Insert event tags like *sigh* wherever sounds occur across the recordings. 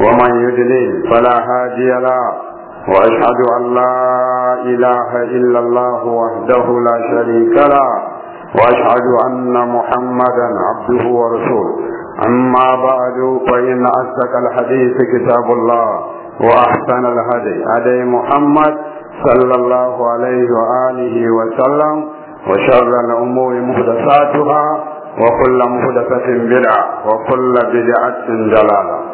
ومن يدلل فلا هادي له وأشهد أن لا إله إلا الله وحده لا شريك له وأشهد أن محمدا عبده ورسوله أما بعد فإن أصدق الحديث كتاب الله وأحسن الهدي هدي محمد صلى الله عليه وآله وسلم وشر الأمور محدثاتها وكل محدثة بدعة وكل بدعة ضلالة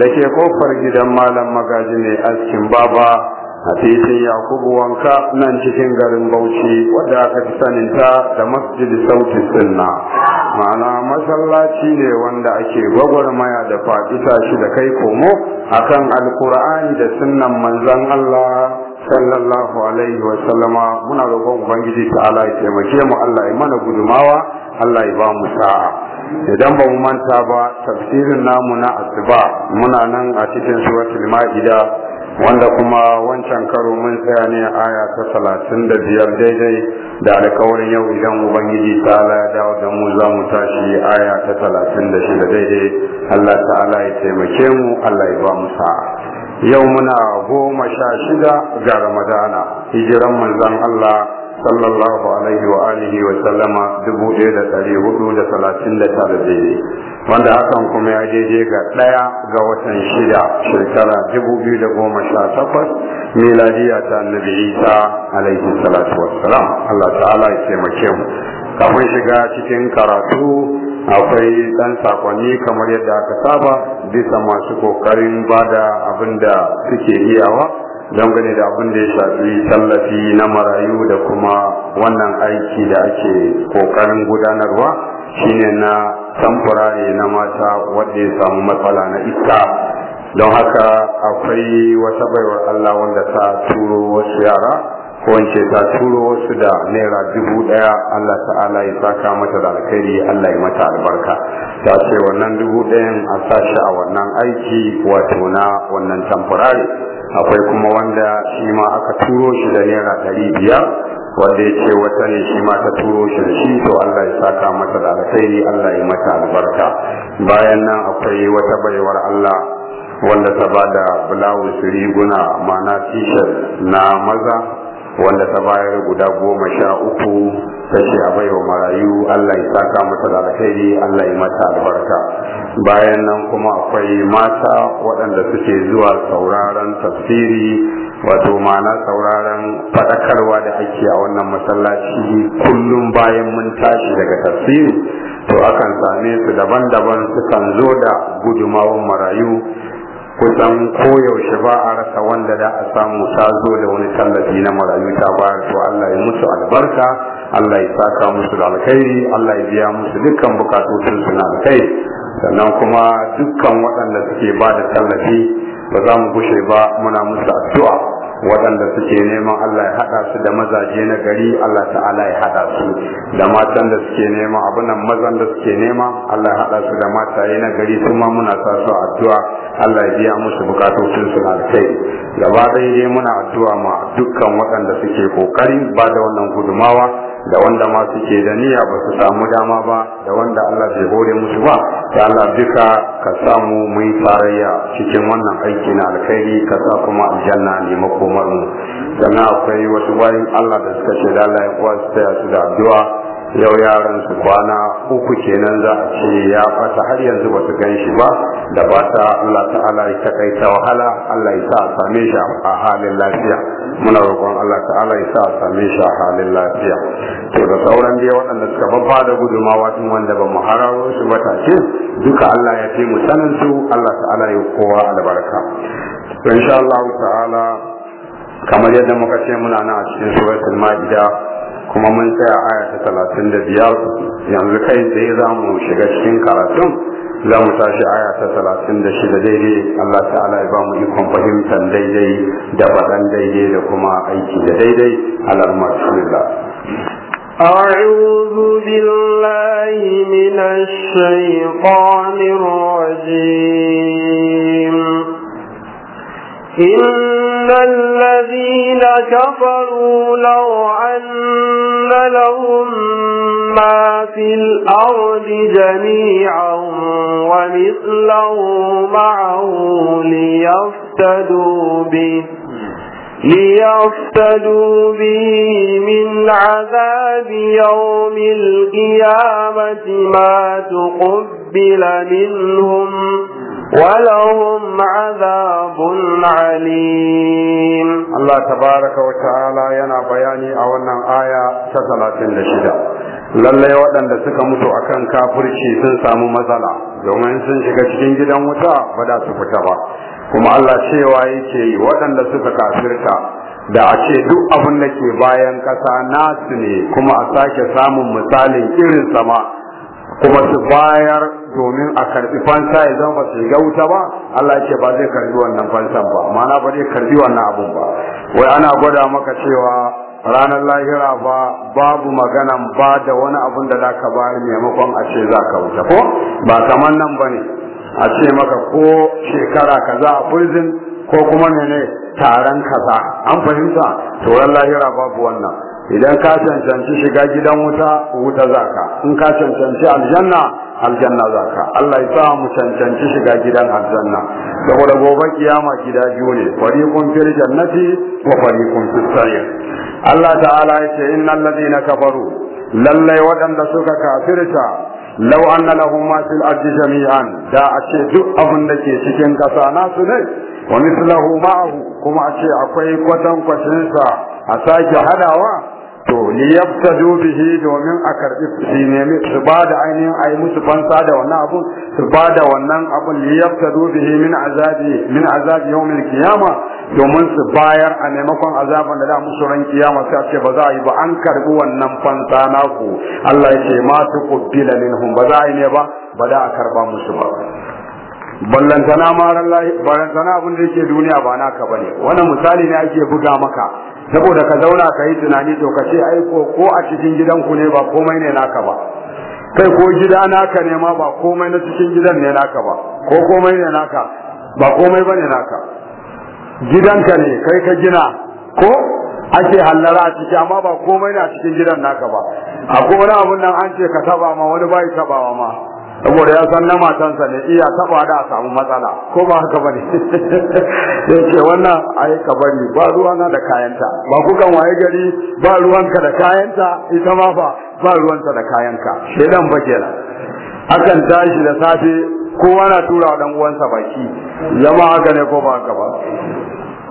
da ke kofar gidan malam magaji ne, askin baba a titin yakubu wanka nan cikin garin bauchi wadda aka fi saninta da masjid sautin sunna ma'ana masallaci ne wanda ake gwagwarmaya da faɗita shi da kai komo akan alkur'ani da sunnan manzon allah sallallahu alaihi wa sallama muna roƙon ubangiji ta'ala ya taimake mu allah ya mana gudumawa allah ya ba mu sa'a idan ba mu manta ba tafsirin namu na asuba muna nan a cikin suratul ma'ida wanda kuma wancan karo mun tsaya ne aya ta talatin da biyar daidai da alkawarin yau idan ubangiji ta ala dawo da mu za mu tashi aya ta talatin da shida daidai allah ta'ala ya taimake mu allah ya ba mu sa'a yau muna goma sha shida ga ramadana hijiran manzon allah sallallahu alaihi wa alihi wa sallama dubu ɗaya da ɗari hudu da talatin da tara daidai wanda hakan kuma ya daidai ga ɗaya ga watan shida shekara dubu biyu da goma sha takwas miladiya ta annabi isa alaihi salatu wassalam allah ta'ala ya taimake mu kafin shiga cikin karatu akwai ɗan sakonni kamar yadda aka saba bisa masu kokarin bada abin da suke iyawa dangane da abin da ya shafi tallafi na marayu da kuma wannan aiki da ake kokarin gudanarwa shine na tamfurare na mata wadda ya samu matsala na iska don haka akwai wata baiwar Allah wanda ta turo wasu yara ko wance ta turo wasu da naira dubu daya Allah ta'ala ya saka mata da alkhairi Allah ya mata albarka ta ce wannan dubu dayan a sashi a wannan aiki wato na wannan tamfurare akwai kuma wanda shi ma aka turo shi da naira ɗari biyar wanda ya ce wata ne shi ma ta turo shi da shi to Allah ya saka mata da alkhairi Allah ya mata albarka bayan nan akwai wata baiwar Allah wanda ta ba da bulawus riguna ma'ana t-shirt na maza wanda ta bayar guda goma sha uku ta ce a baiwa marayu Allah ya saka mata da alkhairi Allah ya mata albarka bayan nan kuma akwai mata waɗanda suke zuwa sauraron tafsiri wato ma'ana sauraron faɗakarwa da ake a wannan masallaci kullum bayan mun tashi daga tafsiri to akan same su daban-daban sukan zo da gudumawan marayu kusan koyaushe ba a rasa wanda da a samu ta zo da wani tallafi na marayu ta bayar to Allah ya musu albarka Allah ya saka musu da alkhairi Allah ya biya musu dukkan bukatun su na alkhairi sannan kuma dukkan waɗanda suke ba da tallafi ba za mu gushe ba muna musu addu'a waɗanda suke neman Allah ya haɗa su da mazaje na gari Allah ta'ala ya haɗa su da matan da suke nema abunan mazan da suke nema Allah ya haɗa su da mataye na gari su ma muna sa su addu'a Allah ya biya musu bukatocin su na alkhairi gaba ɗaya dai muna addu'a ma dukkan waɗanda suke ƙoƙarin ba da wannan gudumawa da wanda ma suke da niyya ba su samu dama ba da wanda Allah bai hore musu ba ya Allah duka ka samu mu yi tarayya cikin wannan aiki na alkhairi ka sa kuma aljanna ne makomar mu sannan akwai wasu bayan Allah da suka ce da Allah ya kuwa su taya su da addu'a yau yaran su kwana uku kenan za a ce ya fata har yanzu ba su gan shi ba da ba ta Allah ta'ala ya takaita wahala Allah ya sa a same shi a halin lafiya muna roƙon Allah ta'ala ya sa a same shi a halin lafiya to da sauran dai waɗanda suka babba da gudumawa tun wanda ba mu hararo su ba duka Allah ya fi mu sanin su Allah ta'ala ya kowa albarka to insha Allah ta'ala kamar yadda muka ce muna nan a cikin suratul ma'ida kuma mun tsaya aya ta talatin da biyar yanzu kai tsaye za mu shiga cikin karatun za mu tashi aya ta talatin da shida daidai Allah ta'ala ya ba mu ikon fahimtar daidai da faɗan daidai da kuma aiki da daidai alarmar sunila. أعوذ بالله من الشيطان الرجيم إن الذين كفروا لو عَنَّ لهم ما في الأرض جميعا ومثله معه ليفتدوا به ليفتدوا به من عذاب يوم القيامة ما تقبل منهم ولهم عذاب عليم الله تبارك وتعالى ينا بياني aya ta آية da shida. lallai waɗanda suka mutu akan kafirci sun samu matsala domin sun shiga cikin gidan wuta ba da su fita ba kuma Allah cewa yake yi waɗanda suka kafirta da a ce duk abin da ke bayan ƙasa nasu ne kuma a sake samun misalin irin sama kuma su bayar domin a karbi fansa ya zama su ga wuta ba Allah ya ce ba zai karbi wannan fansan ba ma'ana ba zai karbi wannan abun ba wai ana gwada maka cewa ranar lahira ba babu maganan ba da wani abun da za ka bayar maimakon a ce za ka wuta ko ba kamar nan ba ne a ce maka ko shekara kaza a prison ko kuma ne ne taron kaza an fahimta to lahira babu wannan idan ka cancanci shiga gidan wuta wuta zaka in ka cancanci aljanna aljanna zaka Allah ya sa mu cancanci shiga gidan aljanna saboda gobe kiyama gida biyu ne kun fil jannati wa fariqun fis sa'ir Allah ta'ala ya ce innal ladina kafaru lallai waɗanda suka kafirta law anna lahum ma fil ardi jami'an da a ce duk abin da ke cikin kasa su ne wa mithluhu ma'ahu kuma a ce akwai kwatan sa a sake hadawa liyabtadu bihi domin a karbi su nemi su ba ainihin ayi musu fansa da wannan abun su bada wannan abun liyabtadu bihi min azabi min azabi yawmil qiyama domin su bayar a maimakon azaban da za musu ran kiyama sai a ce ba za a yi ba an karbi wannan fansa naku Allah ya ce ma tuqbila minhum ba za a yi ne ba ba da a karba musu ba ballantana maran lahi ballantana abin da yake duniya ba naka bane wannan misali ne ake buga maka saboda ka zauna ka yi tunani to ka ce ai ko ko a cikin gidanku ne ba komai ne naka ba kai ko gida naka ne ma ba komai na cikin gidan ne naka ba ko komai ne naka ba komai bane naka gidanka ne kai ka gina ko ake hallara a ciki amma ba komai ne a cikin gidan naka ba akwai wani abun nan an ce ka taba ma wani bai tabawa ma saboda ya san na matansa ne iya taba da a samu matsala ko ba haka bane *laughs* ce wannan yi ka bari ba ruwana da kayanta ba kukan waye gari ba ruwanka da kayanta ita ma fa ba ruwanta da kayanka shedan ba kenan akan tashi da safe kowa na tura dan uwansa baki zama haka ne ko ba haka ba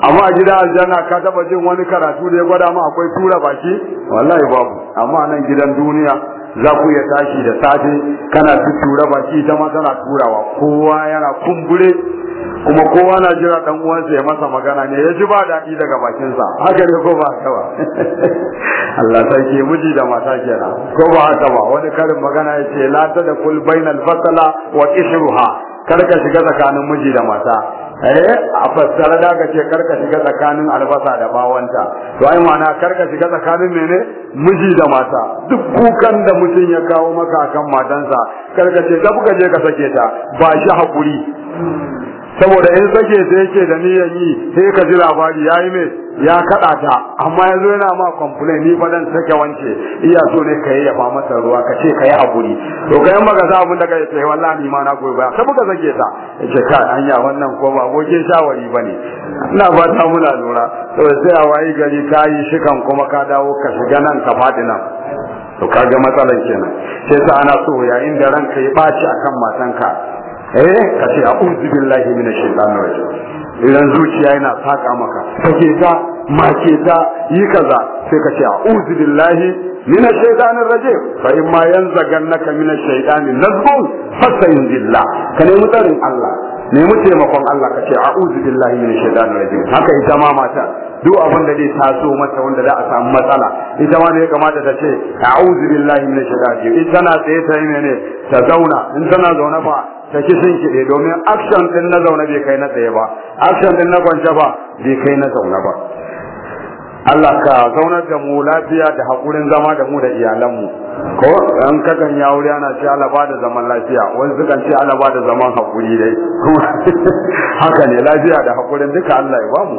amma a gida aljanna ka taba jin wani karatu da ya gwada ma akwai tura baki wallahi babu amma nan gidan duniya za ku iya tashi da safe kana tuttura baki ita ma tana turawa kowa yana kumbure kuma kowa na jira dan uwansa ya masa magana ne ya ji ba daɗi daga bakinsa haka ne ko ba haka ba *laughs* Allah ke miji da mata kenan ko ba haka ba wani karin magana ya ce la ta da kul bainal fasala wa ishruha kar ka shiga tsakanin miji da mata eh a fassara da ka ce karka shiga tsakanin albasa da bawanta to ai ma'ana karka shiga tsakanin mene miji da mata duk kukan da mutum ya kawo maka akan matansa karka ce ta buka je ka sake ta ba shi hakuri saboda in sake sai yake da niyyar yi sai ka ji labari ya yi mai ya kaɗa ta amma yanzu yana ma complain ni fa dan sake wance iya so ne ka ba masa ruwa ka ce ka yi haƙuri to kayan maka sa abun da kai sai eh, wallahi ni ma na goyi ba sai muka sake ta ce ka anya wannan ko ba goje shawari bane ina ba ta muna lura to sai a wayi gari ka yi shikan kuma ka dawo ka shiga nan ka fadi nan to kaga matsalar kenan sai sa ana so yayin da ranka ya baci akan matanka eh ka ce a'udhu billahi minash shaitanir rajim idan zuciya yana saka maka kake ta ke ta yi kaza sai ka ce a'udhu billahi minash shaitanir rajim fa in ma yanzagannaka minash shaitani nazghun fasta'iz billah ka nemi tsarin Allah nemi taimakon Allah ka ce a'udhu billahi minash shaitanir rajim haka ita ma mata duk abin da zai taso mata wanda za a samu matsala ita ma ne ya kamata ta ce a'udhu billahi minash shaitani in tana tsaye ta yi ne ta zauna in tana zaune ba ta ki sun kiɗe domin action ɗin na zaune bai kai na tsaye ba action ɗin na kwance ba bai kai na zaune ba Allah ka zaunar da mu lafiya da haƙurin zama da mu da iyalanmu ko an kakan ya wuri ana ci Allah ba da zaman lafiya wani suka ci Allah ba da zaman haƙuri dai *laughs* haka ne lafiya da haƙurin duka Allah ya bamu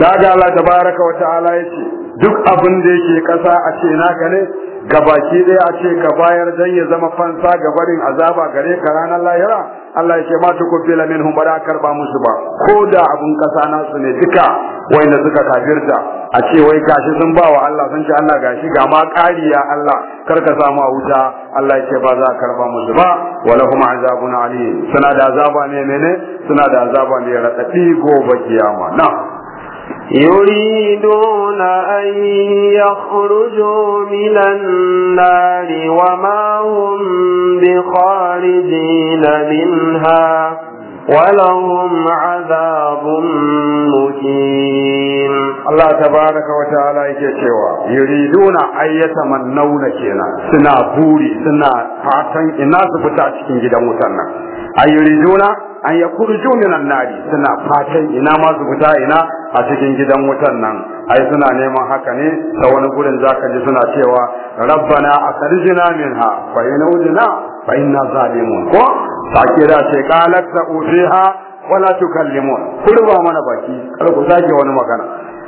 daga Allah tabaraka wa ta'ala ce duk abin da yake kasa a ce naka ne gabaki dai a ce ka bayar dan ya zama fansa ga barin azaba gare ka ranar lahira Allah ya ce ma ta kofila minhum ba da karba musu ba ko da abun kasa su ne duka wanda suka kafirta a ce wai gashi sun ba wa Allah sun ce Allah gashi ga ma kariya Allah kar ka samu a wuta Allah ya ce ba za karba musu ba wala kuma azabun Ali suna da azaba ne ne? suna da azaba ne ratafi gobe kiyama na يريدون أن يخرجوا من النار وما هم بخارجين منها ولهم عذاب مهين الله تبارك وتعالى يكيوا يريدون أن يتمنون كينا سنا بوري سنا فاتن الناس سبتا cikin gidan wutan nan ay yuriduna an yakurju minan nari suna fatan ina ma zubuta ina a cikin gidan wutan nan ai suna neman haka ne ta wani gurin zaka ji suna cewa rabbana akhrijna minha fa inna zalimun ko akira sai kalat sa'u fiha wala tukallimun kurba mana baki kar ku sake wani magana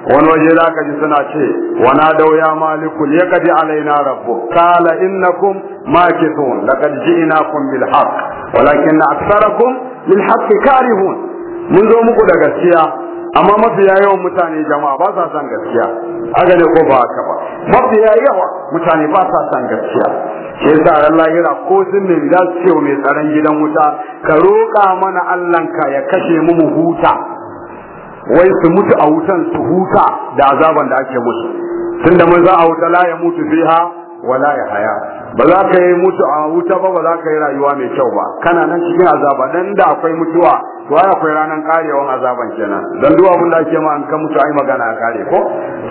wani waje za kaji suna ce wana dau ya maliku ya kadi alaina rabbu qala innakum makithun laqad ji'nakum bil haqq walakin aktharakum lil haqq karihun mun zo muku da gaskiya amma mafiya yawan mutane jama'a ba sa san gaskiya aga ne ko ba haka ba mafiya yawa mutane ba sa san gaskiya shi yasa Allah ya ko sun ne za ce mai tsaron gidan wuta ka roƙa mana Allahnka ya kashe mu mu huta wai su mutu a wutan su huta da azaban da ake musu tunda mun za a wuta la ya mutu fiha wala ya haya ba za ka yi mutu a wuta ba ba za ka yi rayuwa mai kyau ba kana nan cikin azaba dan da akwai mutuwa to ai akwai ranan karewan azaban kenan dan duwa abin da ake ma an ka mutu ai magana a kare ko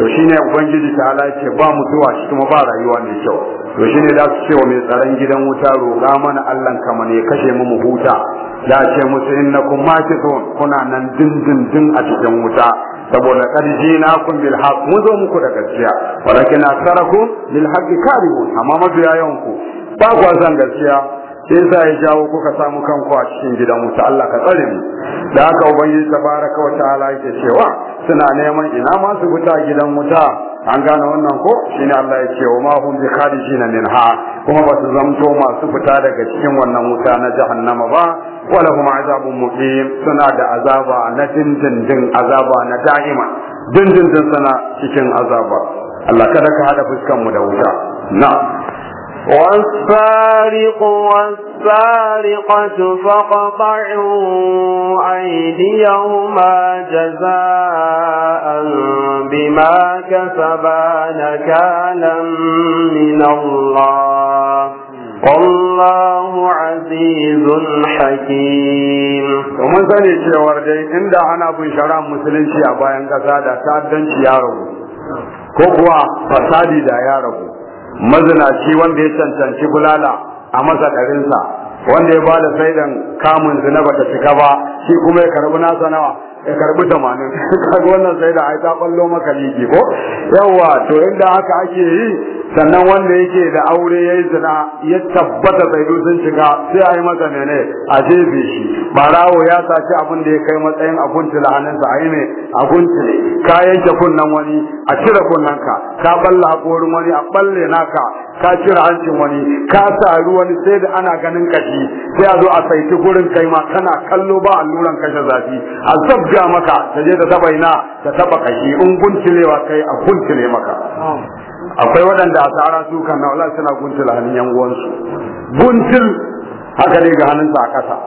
to shine ubangiji ta Allah ce ba mutuwa shi kuma ba rayuwa mai kyau to shine za su cewa mai tsaron gidan wuta roƙa mana Allah kama ne kashe mu mu huta ya ce musu innakum makithun kuna nan din a cikin wuta saboda na kun bil haq mun zo muku da gaskiya walakin asarakum lil haq karihun amma mabiya yanku ba ku san gaskiya sai sa ya jawo kuka samu kanku a cikin gidan wuta Allah ka tsare mu da haka ubangiji tabaraka wa ta'ala yake cewa suna neman ina ma su fita gidan wuta an gane wannan ko shine Allah ya ce ma hum bi kharijina minha kuma ba su zamto masu fita daga cikin wannan wuta na jahannama ba wala hum azabun muqim suna da azaba na dindindin azaba na da'ima dindindin suna cikin azaba Allah kada ka hada fuskan mu da wuta na. والسارق والسارقة فقطعوا أيديهما جزاء بما كسبا نكالا من الله والله عزيز حكيم ومن sani cewar dai inda ana bin shara musulunci a bayan kasa da ta'addanci ya rabu ko kuwa fasadi da ya rabu mazinaci wanda ya cancanci bulala a masa wanda ya bada saidan kamun zina bata cika ba shi kuma ya karbi nasa nawa ya karbi tamanin *laughs* kaga wannan saida ai ta ballo maka liki ko yawa to inda haka ake yi sannan wanda yake da aure ya yi zina ya tabbata bai sun shiga sai a yi masa mene a jefe shi barawo ya saci abin da ya kai matsayin abinci la'aninsa a yi ne a ne ka yanke kunnen wani a cire kunnenka ka ka balla haƙorin wani a balle naka ka cire hancin wani ka sari wani sai da ana ganin kashi sai a zo a saiti gurin kai ma kana kallo ba alluran kashe zafi a zabga maka ta je ta taba ina ta taba kashi in guncilewa kai a guncile maka akwai waɗanda a tsara su kan na wala suna guntul hannun yan uwansu guntul haka ne ga hannunsa a ƙasa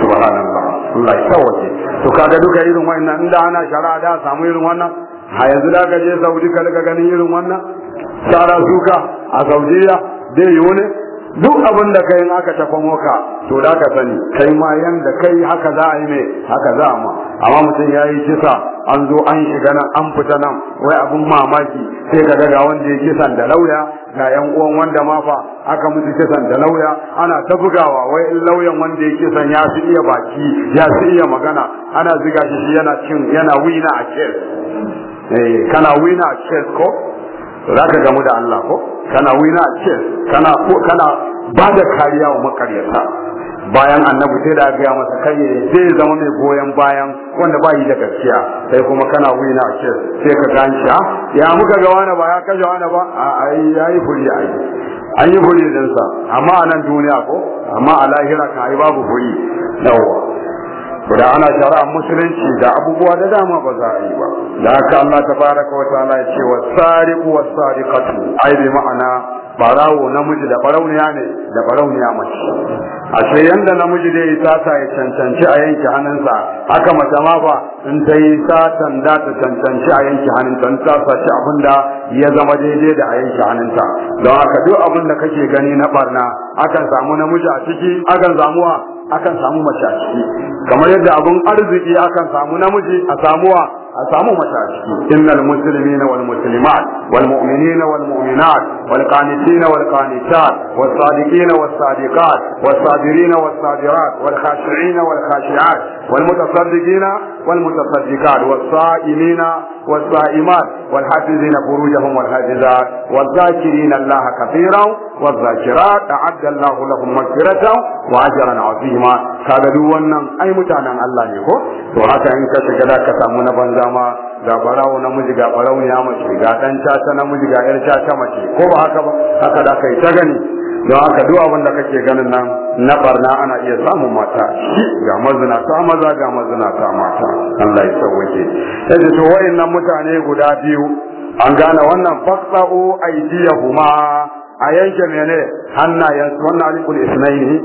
subhanallah Allah ya tawaje to kaga duka irin wannan inda ana shara da samu irin wannan a yanzu da ka je Saudi ka daga ganin irin wannan tsara suka a Saudiya dai yi wani duk abin da kai in aka tafa moka to da ka sani kai ma yanda kai haka za a yi ne haka za a ma amma mutum ya yi kisa an zo an shiga nan an fita nan wai abin mamaki sai ka ga wanda ya kisan da lauya ga yan uwan wanda ma fa aka mutu kisan da lauya ana ta bugawa wai in lauyan wanda ya kisan ya fi iya baki ya fi iya magana ana ziga shi yana cin yana wina a kes eh kana wina a kes ko za ka gamu da Allah ko kana wina ce kana ko kana ba da kariya wa makaryata bayan annabi sai da ga masa kai zai zama mai goyon bayan wanda ba yi da gaskiya sai kuma kana wina ce sai ka ganci ha ah, ya muka ga wani ba ya kashe wani ba a ai yayi buri ai an yi buri din sa amma a nan duniya ko amma a lahira kan ai babu buri yawa da ana shari'ar musulunci da abubuwa da dama ba za a yi ba da haka Allah ta fara wa ta'ala ya ce wasariqu wasariqatu ai bi ma'ana barawo namiji da barauniya ne da barauniya mace ashe yanda namiji dai ta ta ya cancanci a yanke hannunsa haka mace ma ba in ta yi satan da ta cancanci a yanke hannunta in ta saci abin da ya zama daidai da a yanke hannunta don haka duk abin da kake gani na barna akan samu namiji a ciki akan samuwa akan samu mace a ciki kamar yadda abun arziki akan samu namiji a samuwa a samu mace a ciki innal muslimina wal muslimat wal mu'minina wal mu'minat والقانتين والقانتات والصادقين والصادقات والصابرين والصابرات والخاشعين والخاشعات والمتصدقين والمتصدقات والصائمين والصائمات والحافظين فروجهم والحافظات والذاكرين الله كثيرا والذاكرات أعد الله لهم مغفرة وأجرا عظيما كذا دو wannan ai mutanen Allah ne ko to haka ga barawo namiji ga barawo ya mace ga dan caca namiji ga yar caca mace ko ba haka ba haka da kai ta gani don haka duk abin da kake ganin nan na barna ana iya samun mata ga mazina ta maza ga mazina ta mata Allah ya sauke yanzu to wayannan mutane guda biyu an gane wannan faqta'u aydiyahuma a yanke mene hannayen wannan alikul isnaini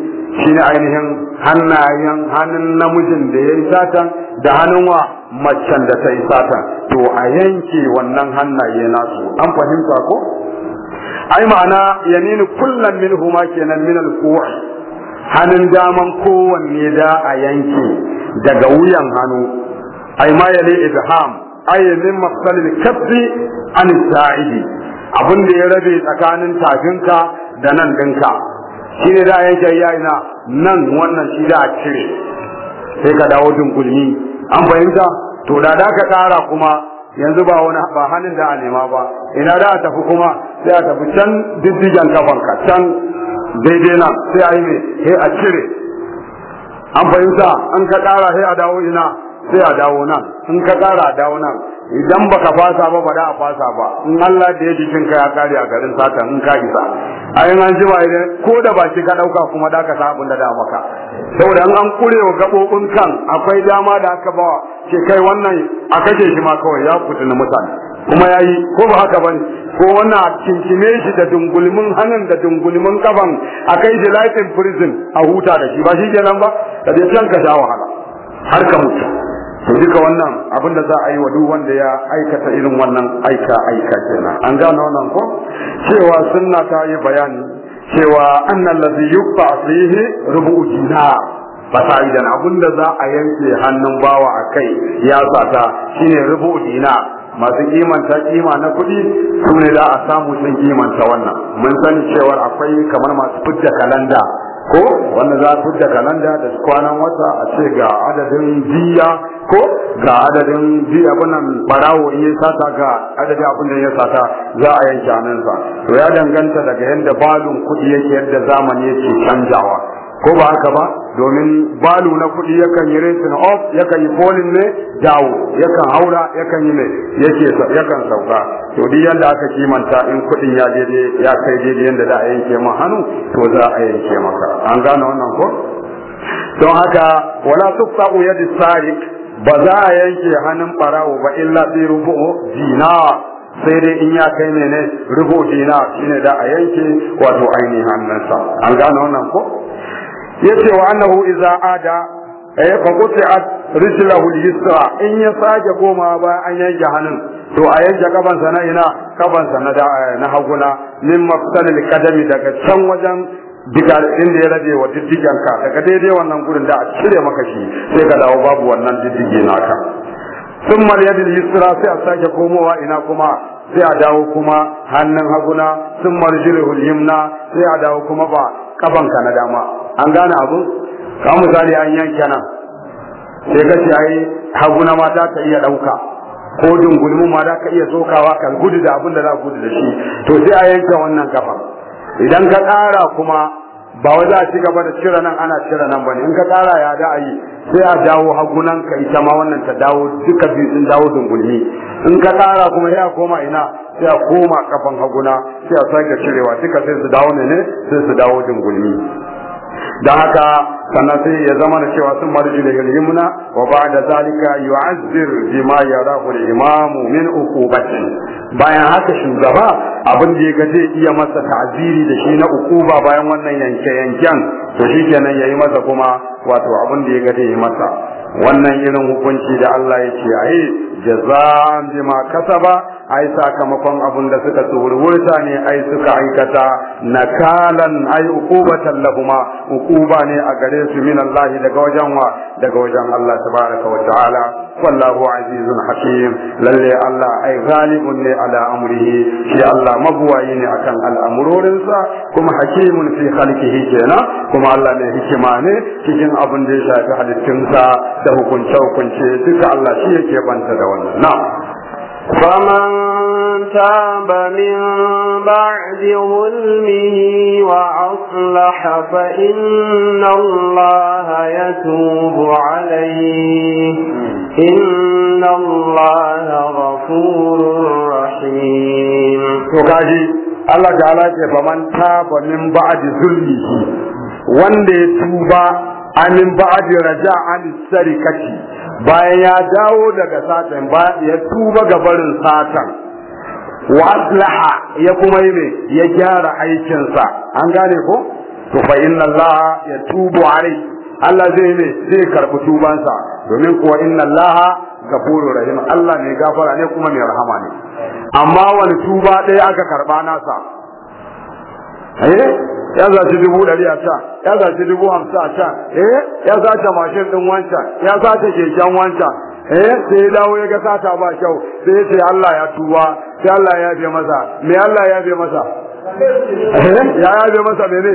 shine ainihin hannayen hannun namijin da yayi satan da hannun wa macen da ta yi sata to a yanke wannan hannaye nasu an fahimta ko ai ma'ana yaminu kullan huma kenan min al hannun daman kowanne da a yanke daga wuyan hannu ai ma yali ibham ai min maqsal al an sa'idi abin da ya rabe tsakanin tafinka da nan dinka ne da yake yayina nan wannan shi da a cire sai ka dawo dunkulmi an fahimta to da da ka tsara kuma yanzu ba wani ba hannun da a nema ba ina da a tafi kuma sai a tafi can diddigen kafanka can daidai na sai a yi mai he a cire an fahimta an ka tsara sai a dawo ina sai a dawo nan in ka tsara a dawo nan idan baka fasa ba ba a fasa ba in Allah da ya jikin ka ya kare a garin sata in ka isa a yin an ba idan ko da baki ka dauka kuma da ka sa abun da da maka saboda in an kurewa gabobin kan akwai dama da aka ba ke kai wannan a kashe shi ma kawai ya na mutane kuma yayi ko ba haka bane ko wannan a kinkime shi da dungulmin hannun da dungulmin kafan a kai shi life prison a huta da shi ba shi kenan ba da dai can ka sha wahala har ka mutu to duka wannan abin da za a yi wa duk wanda ya aikata irin wannan aika aika kenan an gano wannan ko cewa sunna ta yi bayani cewa annal ladhi yuqta fihi rubu'u dinar fasaidan abin da za a yanke hannun bawa akai ya sata shine rubu'u dinar masu kimanta kima na kuɗi su ne za a samu sun kimanta wannan mun sani cewar akwai kamar masu fidda kalanda ko wanda za su da kalanda da kwanan wata a ce ga adadin jiya. ko ga adadin jiya wannan barawo in ya sata ga adadin abin da ya sata za a yanke hannunsa to ya danganta daga yadda balun kuɗi yake yadda zamani yake canjawa ko ba haka ba domin balu na kuɗi yakan yi resin off yakan yi polin ne dawo yakan haura yakan yi ne yake yakan sauka to duk yadda aka kimanta in kuɗin ya daidai ya kai daidai yadda za a yanke ma hannu to za a yanke maka an gane wannan ko don haka wala tuqta'u yadi sari ba za a yanke hannun barawo ba illa bi rubu'u dinar sai dai in ya kai ne ne rubuci na shine da a yanke wato ainihin hannunsa an gane wannan ko yace wa annahu idza ada ay eh, fa rijlahu al-yusra in ya sake koma ba an yanke hannun to a yanke kaban sa na ina kaban sa na eh, na haguna min mafsal al-qadami daga can wajen diga inda ya rage wa diddigan ka daga daidai wannan gurin da a cire maka shi sai ka dawo babu wannan diddige naka thumma al al-yusra sai a sake komowa ina kuma sai a dawo kuma hannun haguna sun marjirihul yimna sai a dawo kuma ba kabanka na dama an gane abu ka misali an yanke nan sai ka ce ai haguna ma za ta iya ɗauka ko dungulmu ma za ka iya sokawa ka gudu da abin da za gudu da shi to sai a yanke wannan kafa idan ka ƙara kuma ba wai za a ci gaba da cire nan ana cire nan bane in ka ƙara ya da a yi sai a dawo hagunan ka ita ma wannan ta dawo duka biyu sun dawo dungulmi in ka ƙara kuma sai a koma ina sai a koma kafan haguna sai a sake cirewa duka sai su dawo ne sai su dawo dungulmi. da haka sannan sai ya zama da cewa sun marji daga yimna wa ba da zalika yu'azzir bima yarahu al-imam min uqubati bayan haka shugaba abin da ya zai iya masa ta'ziri da shi na uquba bayan wannan yanke yanken to shikenan yayi masa kuma wato abin da ya zai yi masa wannan irin hukunci da Allah ya ce ai jaza'an bima kasaba ai sakamakon abun da suka tsurwurta ne ai suka aikata nakalan ai uqubatan lahuma uquba ne a gare su min Allah daga wajen wa daga wajen Allah tabaraka wa ta'ala wallahu azizun hakim lalle Allah ai ghalibun ne ala amrihi shi Allah mabuwayi ne akan al'amurorinsa kuma hakimun fi khalqihi kenan kuma Allah ne hikima ne cikin abin da ya shafi halittunsa da hukunce hukunce duka Allah shi yake banta da wannan na'am فمن تاب من بعد ظلمه وأصلح فإن الله يتوب عليه إن الله غفور رحيم وكاجي Allah ta'ala ce faman taba min ba'di zulmihi wanda ya tuba amin ba'di raja an bayan ya dawo daga satan ya tuba ga barin satan wa aslaha ya kuma yi ya gyara aikinsa an gane ko to fa inna allaha tubu alai Allah zai ne zai karɓi tubansa domin kuwa inna allaha gafurur rahim Allah ne gafara ne kuma mai rahama ne amma wani tuba ɗaya aka karɓa nasa eh ya zaci dubu ɗari a can, ya zaci dubu hamsin a can, eh ya zace mashin ɗin wancan ya zace keken wancan eh sai ya dawo ya ga sata ba kyau sai sai Allah ya tuwa sai Allah ya bi masa me Allah ya bi masa eh? ya ya bi masa me mene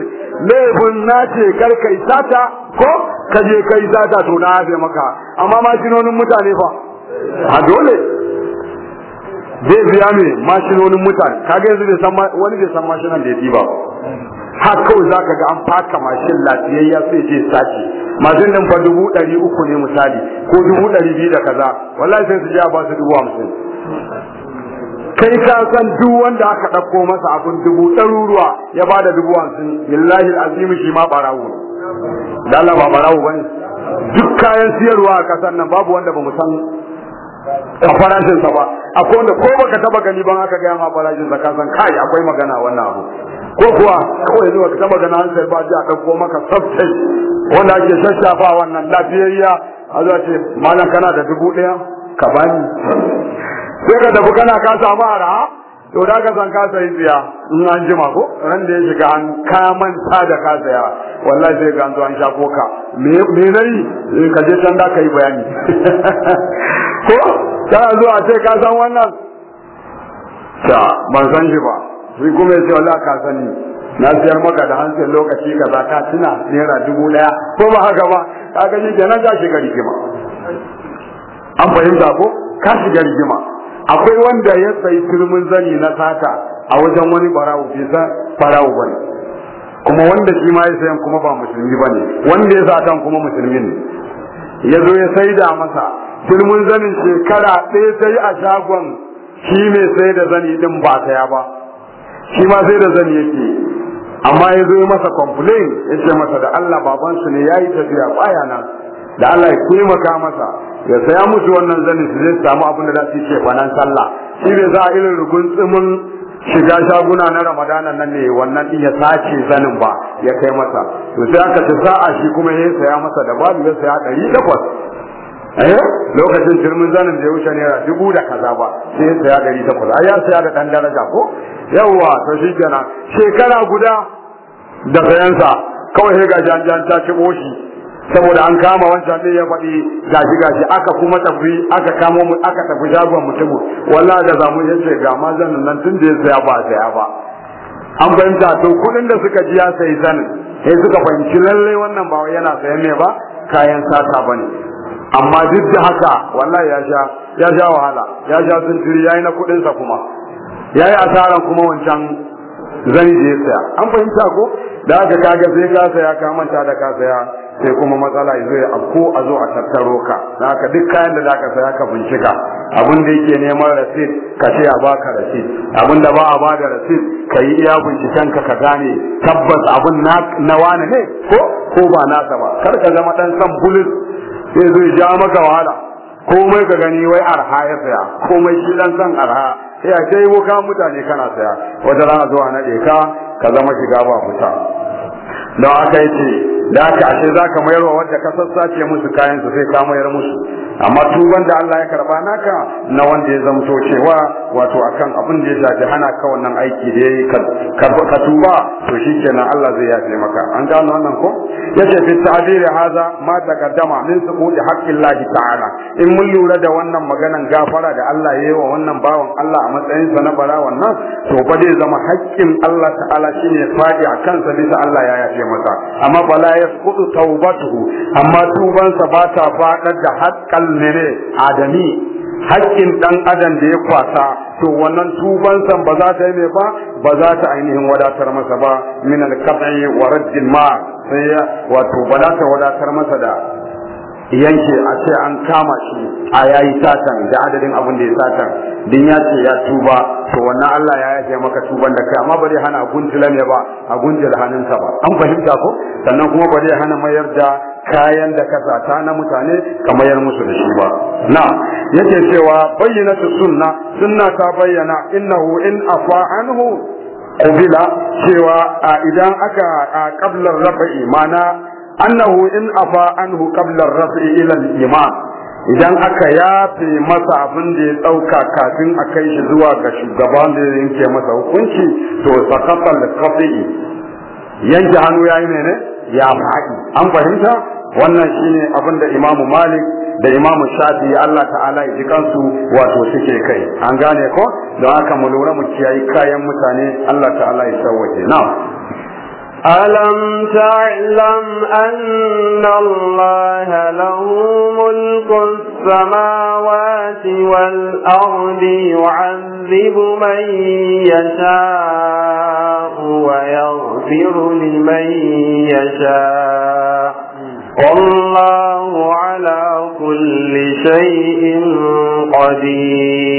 laifin na ce kar kai sata ko ka je kai sata to na ya maka amma mashinonin mutane fa a dole zai biya me mashinonin mutane kaga yanzu bai san wani bai san mashinan da ya ba har kawai za ka ga an faka mashin lafiyayya sai je sati mashin nan fa dubu ɗari uku ne misali ko dubu ɗari biyu da kaza wallahi sai su je ba su dubu hamsin kai ka san duk wanda aka ɗauko masa abin dubu ɗaruruwa ya ba da dubu hamsin billahi azimi shi ma ɓarawo da Allah ba ɓarawo ne duk kayan siyarwa a ƙasar nan babu wanda ba mu san a farashinsa ba akwai wanda ko baka taba gani ban aka gaya ma farashinsa ka san kai akwai magana wannan abu ko kuwa kawai zuwa ka taba ganin hansar ba ji a ɗauko maka sabtai wanda ake shashafa wannan lafiyayya a zuwa ce malam kana da dubu ɗaya ka bani sai ka tafi kana ka samu ara to da ka san ka sayi tsiya in an jima ko ran da ya shiga an manta da ka saya wallahi sai ka an zo an sha koka me na yi eh, ka je can da ka yi bayani *laughs* ko ta zuwa sai ka san wannan ta ban san shi ba sai kuma ya ce wala ka sani na siyar maka da hancin lokaci kaza ka tuna naira dubu daya ko ba haka ba ka gani kenan ka shiga rigima an fahimta ko ka shiga rigima akwai wanda ya sayi turmin zani na sata a wajen wani barawo bai san barawo bane kuma wanda shi ma ya sayan kuma ba musulmi bane wanda ya satan kuma musulmi ne ya zo ya sai da masa turmin zanin shekara ɗaya sai a shagon shi mai sai da zani din ba saya ba shi ma sai da zani yake amma ya zo masa complain ya ce masa da Allah babansu ne ya yi tafiya baya nan da Allah ya taimaka masa ya saya musu wannan zani su zai samu abin da za su ce banan sallah shi ne za a irin rugun tsimin shiga shaguna na ramadana nan ne wannan din ya sace zanin ba ya kai masa to sai aka ci sa'a shi kuma ya saya masa da babu ya saya ɗari takwas lokacin turmin zanin da ya wuce naira dubu da kaza ba sai ya saya dari takwas ai ya saya da dan daraja ko yawa to shi kenan shekara guda da sayansa kawai sai gashi jan ta ci boshi saboda an kama wancan ne ya faɗi gashi gashi aka kuma tafi aka kamo mu aka tafi shagon mutum wallahi da zamu ce ga ma nan tun da ya saya ba saya ba an fahimta to kuɗin da suka ji ya sayi zanin sai suka fahimci lallai wannan ba yana sayan ne ba kayan sata bane amma duk da haka wallahi ya sha ya sha wahala ya sha sintiri yayi na kudin sa kuma yayi asaran kuma wancan zani je saya an fahimta ko da aka kaga sai ka saya ka manta da ka saya sai kuma matsala ya ya a zo a tattaro ka haka duk kayan da zaka saya ka bincika abin da yake neman rasit ka ce a baka rasit abin da ba a bada rasit ka yi iya binciken ka ka gane tabbas abin na wani ne ko ko ba nasa ba kar ka zama dan san bulus sai zai ja maka wahala komai ka gani wai arha ya saya komai shi dan san arha sai a kai wuka mutane kana saya wata rana zuwa na deka ka zama shiga ba fita don yi ce da aka ashe za ka mayarwa wadda ka sassace musu kayan su sai ka mayar musu amma tuban Allah ya karba naka na wanda ya zamto cewa wato akan abin da ya shafi hana ka wannan aiki da yayi ka tuba to shikenan Allah zai yafe maka an gano wannan ko yace fi ta'diri haza ma taqaddama min suqudi haqqillahi ta'ala in mun lura da wannan maganan gafara da Allah ya yi wa wannan bawan Allah a matsayin sa na bara wannan to fa zai zama haƙƙin Allah ta'ala shine fadi a kansa bisa Allah ya yafe masa amma bala yasqutu tawbatuhu amma tubansa ba ta fadar da haqqan mene adami haƙƙin ɗan adam da ya kwasa to wannan tubansa ba za ta yi mai ba ba za ta ainihin wadatar masa ba min alqat'i wa raddil ma sai wato ba za ta wadatar masa da yanke a ce an kama shi a yayi satan da adadin abin da ya satan din ya ce ya tuba to wannan Allah ya yafe maka tuban da kai amma bari hana gunjila ne ba a gunjila hannunsa ba an fahimta ko sannan kuma bari hana mayar da kayan da kasa ta na mutane ka yar musu da shi ba na yake cewa bayyana sunna sunna ta bayyana innahu in afa anhu qubila cewa a idan aka qablar rafi mana annahu in afa anhu qablar rafi ila al-iman idan aka yafe masa abin da ya ɗauka kafin a kai shi zuwa ga shugaban da yanke masa hukunci to da kafi yanke hannu yayi ne ne ya faɗi an fahimta wannan shine abin da imamu malik da imamu shafi Allah ta'ala ya ji kansu wato suke kai an gane ko don haka mu lura mu kiyayi kayan mutane Allah ta'ala ya sauwaje na'am ألم تعلم أن الله له ملك السماوات والأرض يعذب من يشاء ويغفر لمن يشاء والله على كل شيء قدير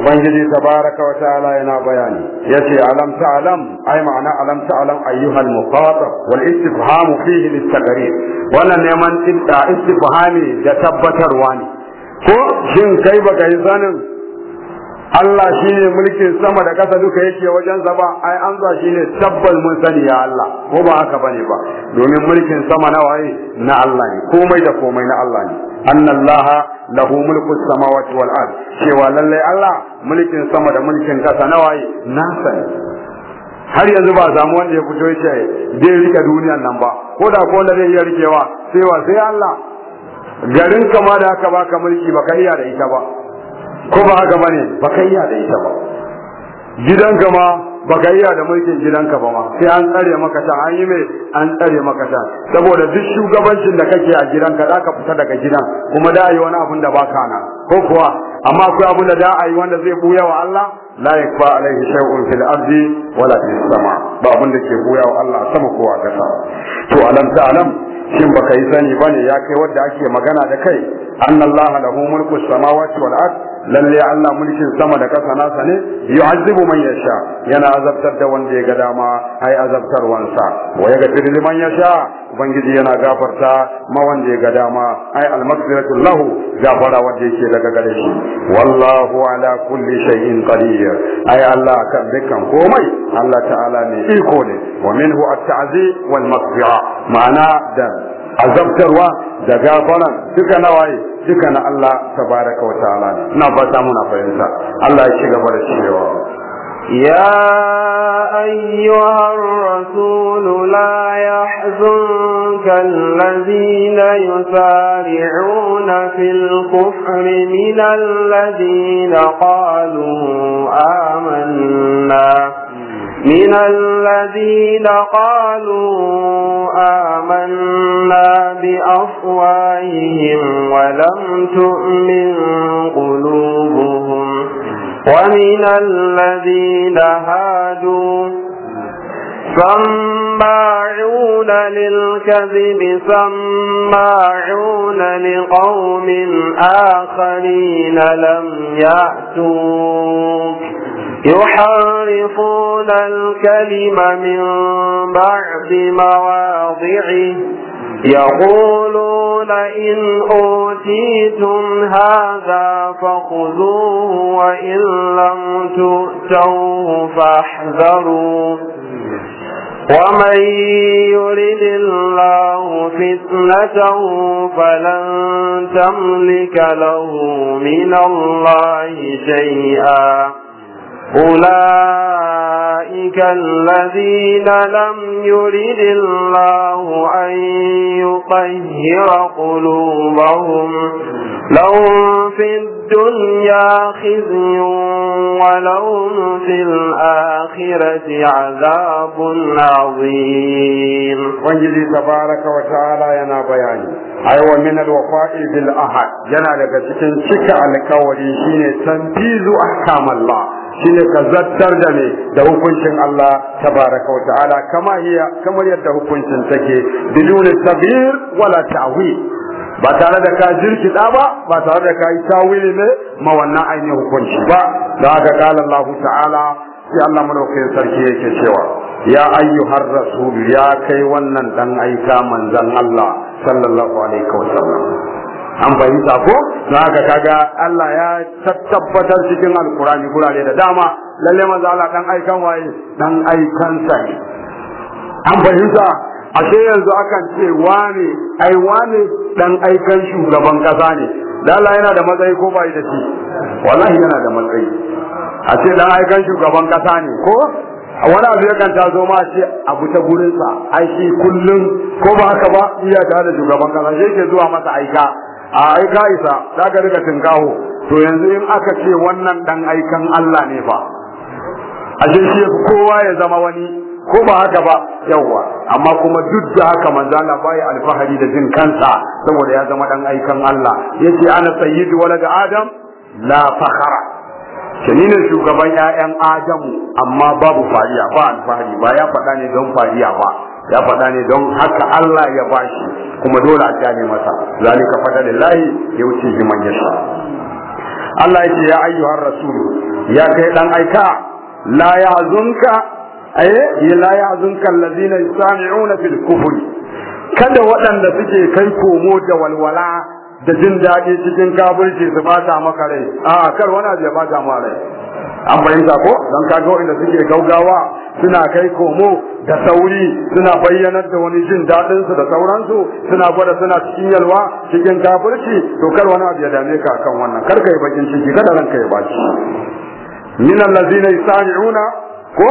ubangiji tabaraka wa ta'ala yana bayani yace alam ta'lam ai ma'ana alam ta'lam ayyuhal muqatab wal istifham fihi listaqrir wannan neman ibda istifhami da tabbatarwa ne ko shin kai baka yi Allah shi ne mulkin sama da ƙasa duka yake wajen ba ai an zuwa shi ne tabbal mun sani ya Allah ko ba haka bane ba domin mulkin sama na waye na Allah ne komai da komai na Allah ne annallaha lahu mulku samawati wal ard cewa lalle Allah mulkin sama da mulkin ƙasa na waye na sani har yanzu ba samu wanda ya fito yace zai rike duniyan nan ba ko da ko wanda zai iya rikewa sai wa sai Allah garin kama da haka baka mulki baka iya da ita ba ko ba haka bane baka iya da ita ba gidanka ma baka iya da mulkin gidanka ba ma sai an tsare maka ta an yi mai an tsare maka ta saboda duk shugabancin da kake a gidanka ka fita daga gidan kuma da ayi wani abun da baka na ko kuwa amma akwai abun da da ayi wanda zai buya wa Allah la yakfa alaihi shay'un fil ardi wala fis sama ba abun da ke buya wa Allah sama ko a kasa to alam ta alam shin baka yi sani bane ya kai wanda ake magana da kai annallaha lahu mulku samawati wal ardi lalle Allah mulkin sama da kasa nasa ne yu'azzibu man yasha yana azabtar da wanda ya ga dama ai azabtarwansa wa ya gafiru liman yasha ubangiji yana gafarta ma wanda ya ga dama ai almaghfiratu lahu gafara wanda yake daga gare shi wallahu ala kulli shay'in qadir ai Allah kan dukkan komai Allah ta'ala ne iko ne wa minhu at-ta'zi wal maghfira ma'ana da azabtarwa da gafara duka na waye duka na Allah tabaraka wa ta'ala ina fata muna fahimta Allah ya shiga bar da cewa يا أيها الرسول لا يحزنك الذين يسارعون في الكفر من الذين قالوا آمنا من الذين قالوا آمنا بأفواههم ولم تؤمن قلوبهم ومن الذين هادوا سماعون للكذب سماعون لقوم آخرين لم يأتوك يحرفون الكلم من بعد مواضعه يقولون إن أوتيتم هذا فخذوه وإن لم تؤتوه فاحذروا ومن يرد الله فتنته فلن تملك له من الله شيئا أولئك الذين لم يرد الله أن يطهر قلوبهم لهم في الدنيا خزي ولهم في الآخرة عذاب عظيم وانجلي تبارك وتعالى ينا بياني أيوة من الوفاء بالأحد جنالك ستنسك على شكا لك وليشين تنفيذ أحكام الله shine ka zattar da me da hukuncin Allah tabaraka wa ta'ala kama hiya kamar yadda hukuncin take bidun tabir wala ta'wil ba tare da ka jirkita ba ba tare da ka yi tawili ne ma wannan ainihin hukunci ba da haka kala Allah ta'ala sai Allah madaukakin sarki yake cewa ya ayyuhar rasul ya kai wannan dan aika manzon Allah sallallahu alaihi sallam. an fahimta ko na haka kaga Allah ya tabbatar cikin alkurani gurare da dama lalle manzo Allah dan aikan waye dan aikan sa an fahimta ashe yanzu akan ce wane ai wane dan aikan shugaban kasa ne Allah yana da matsayi ko bai da shi wallahi yana da matsayi a ce dan aikan shugaban kasa ne ko wani abu ya kan tazo ma ce abu ta gurinsa ai shi kullum ko ba haka ba iya da shugaban kasa shi ke zuwa masa aika a ai ka isa za ka riga tinkaho to yanzu in aka ce wannan dan aikan Allah ne fa ashe shi kowa ya zama wani ko ba haka ba yawwa amma kuma duk da haka manzo Allah bai alfahari da jin kansa saboda ya zama dan aikan Allah yace ana sayyidu walad adam la fakhara ne shugaban 'ya'yan adamu amma babu fariya ba alfahari ba ya faɗa ne don fariya ba ya faɗa ne don haka Allah ya bashi kuma dole a gane masa zalika fada lillahi ya wuce himan yasha Allah yake ya ayyuhar rasul ya kai dan aika la yahzunka ay eh, la yahzunka allazina yusami'una fil kufr kada waɗanda suke kai komo da walwala da jin daɗi cikin kafirci su bata maka rai a kar wani abu ya bata maka rai an fahimta ko don kaga waɗanda suke gaugawa suna kai komo da sauri suna bayyanar da wani jin daɗinsu su da sauransu suna gwada suna cikin yalwa cikin kafirci to kar wani abu ya dame ka kan wannan kar kai bakin ciki kada ranka ya baci min allazina yusari'una ko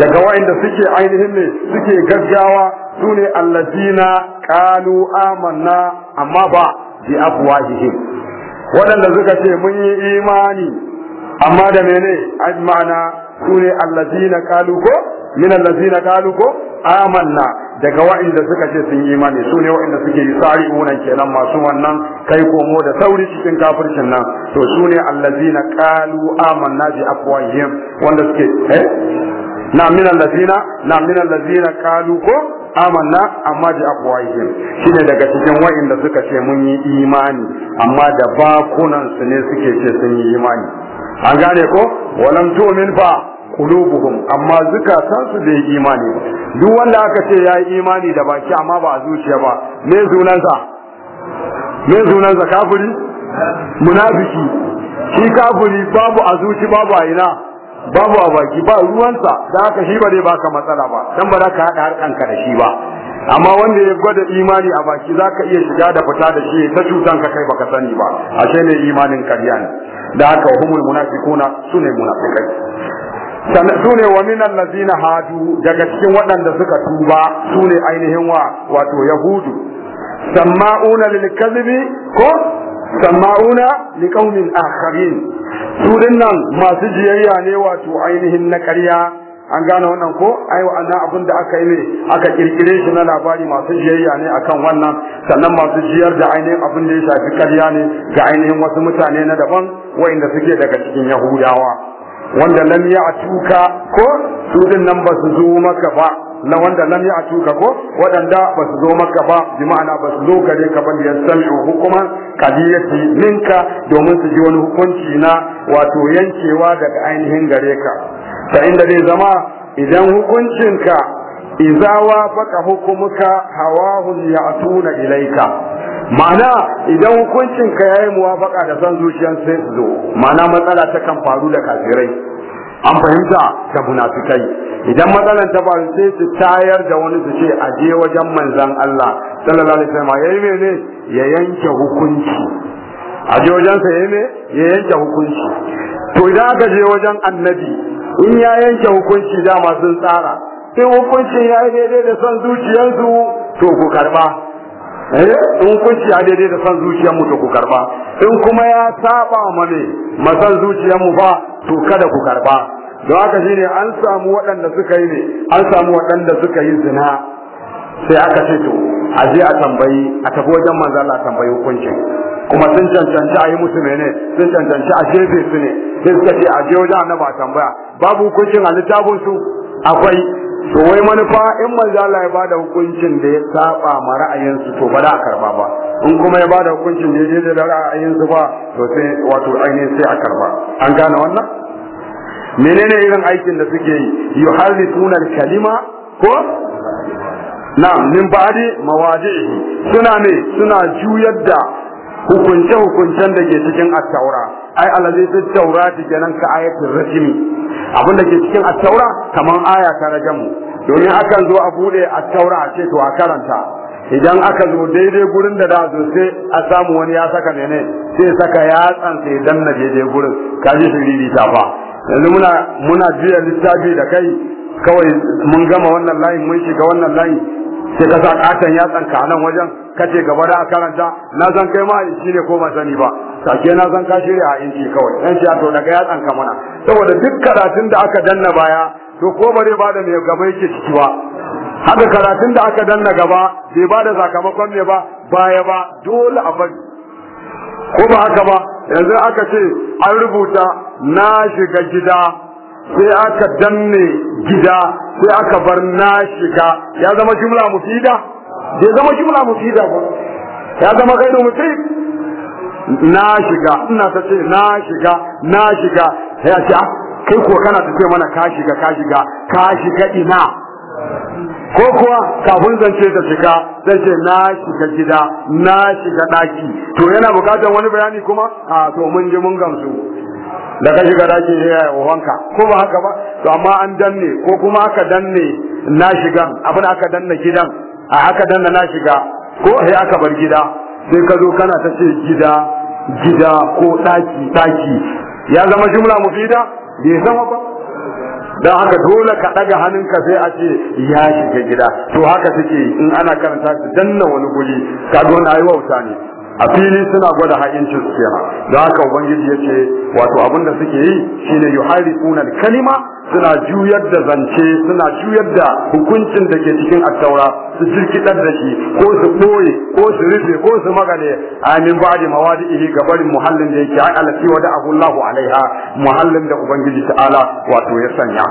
daga wanda suke ainihin ne suke gaggawa sune allazina qalu amanna amma ba bi afwahihim waɗanda suka ce mun yi imani amma da mene ai ma'ana sune allazina qalu ko min allazina qalu ko amanna daga wa'inda suka ce sun yi imani sune wa'inda suke yi unan kenan masu wannan kai komo da sauri cikin kafircin nan to sune allazina qalu amanna bi afwahihim wanda suke eh na min allazina na min allazina qalu ko amanna amma bi afwahihim shine daga cikin wa'inda suka ce mun yi imani amma da bakunan su ne suke ce sun yi imani an gane ko walam tu'min fa qulubuhum amma zukatan su bai imani duk wanda aka ce yayi imani da baki amma ba a zuciya ba me sunansa me sunansa kafiri munafiki shi kafiri babu a zuci babu a ina babu a baki ba ruwansa da aka shi ba zai baka matsala ba dan ba za ka haɗa harkanka da shi ba amma wanda ya gwada imani a baki ka iya shiga da fita da shi ta cutan ka kai baka sani ba ashe ne imanin karya ne da haka humul munafiquna sune munafikai sune wa minan lazina hadu daga cikin waɗanda suka tuba sune ainihin wa wato yahudu sama'una lil ko sama'una liqaumin akharin su dinnan masu jiyayya ne wato ainihin na karya? an gane wannan ko ai wannan abin da aka yi ne aka kirkire shi na labari masu jiyayya ne akan wannan sannan masu jiyar da ainihin abin da ya shafi karya ne ga ainihin wasu mutane na daban wa'inda suke daga cikin yahudawa wanda lam ya atuka ko su din nan ba su zo maka ba na wanda lam ya atuka ko waɗanda ba su zo maka ba bi ma'ana ba su zo gare ka ba liyan sami'u hukuman kadiyati minka domin su ji wani hukunci na wato yankewa daga ainihin gare ka ta inda zai zama idan hukuncinka izawa baka hukumuka hawahun ya'tuna ilaika ma'ana idan hukuncinka yayi muwafaka da san zuciyar sai zo ma'ana matsala ta kan faru da kafirai an fahimta ta munafikai idan matsalan ta faru sai su tayar da wani su ce a je wajen manzon Allah sallallahu alaihi wasallam yayi mene ya yanke hukunci a wajen sa yayi ya yanke hukunci to idan aka je wajen annabi in ya yanke hukunci da masu tsara in hukuncin ya yi daidai da son zuciyarsu to ku karba eh, in hukunci ya daidai da son zuciyarmu to ku karba in kuma ya saba mane masan zuciyarmu ba to kada ku karba don haka ne an samu waɗanda suka yi ne an samu waɗanda suka yi zina sai aka ce to a je a tambayi a tafi wajen manzo Allah tambayi hukuncin kuma sun cancanci a yi musu mene sun cancanci a jefe su ne sai suka ce a je wajen annaba a tambaya babu hukuncin a littafin su akwai to wai manufa in manzo Allah ya bada hukuncin da ya saba ma ra'ayin su to ba da karba ba in kuma ya bada hukuncin da ya da ra'ayin su ba to sai wato ainihin sai a karba an gane wannan menene irin aikin da suke yi yuharrifuna al-kalima ko na'am min ba'di suna ne suna juyar da hukunce hukuncen da ke cikin at-taura ai allazi taura ta kenan ka ayatul rajimi abin da ke cikin at-taura kaman aya ta rajamu domin akan zo a bude attaura a ce to a karanta idan aka zo daidai gurin da da zo sai a samu wani ya saka mene sai saka ya yatsan sai na daidai gurin ji shiriri ta fa yanzu muna muna jiya littafi da kai kawai mun gama wannan layin mun shiga wannan layin sai ka sa katon tsanka a nan wajen ka gaba da karanta na san kai ma shi ne ko ban sani ba sake na san ka shirya a inji kawai dan shi to daga ya tsanka mana saboda duk karatun da aka danna baya to ko ba zai bada mai gaba yake ciki ba haka karatun da aka danna gaba bai bada sakamakon ne ba baya ba dole a bari ko ba haka ba yanzu aka ce an rubuta na shiga gida sai aka danne gida sai aka bar na shiga ya zama jumla mufida ya zama jumla mufida ya zama gaido mutum na shiga ina ta ce na shiga na shiga ya ce ah, kai ko kana ta ce mana ka shiga ka shiga ka shiga ina ko kuwa kafin zance ta shiga zan ce na shiga gida na shiga daki to yana bukatar wani bayani kuma a to mun ji mun gamsu da ka shiga daki ne ya wanka ko ba haka ba to amma an danne ko kuma aka danne na shiga abin aka danna gidan a aka danna na shiga ko sai aka bar gida sai ka zo kana ta ce gida gida ko daki daki ya zama jumla mufida bai zama ba dan haka dole ka ɗaga hannunka sai a ce ya shiga gida to haka suke in ana karanta su danna wani guri ka zo wani yi wauta ne a fili suna gwada ha'incin su kenan da haka ubangiji yace wato abin da suke yi shine yuharifuna kalima suna juyar da zance suna juyar da hukuncin da ke cikin attaura su jirkidar da shi ko su boye ko su rufe ko su magane amin ba'di ga barin muhallin da yake ai alati wa da abullahu alaiha muhallin da ubangiji ta'ala wato ya sanya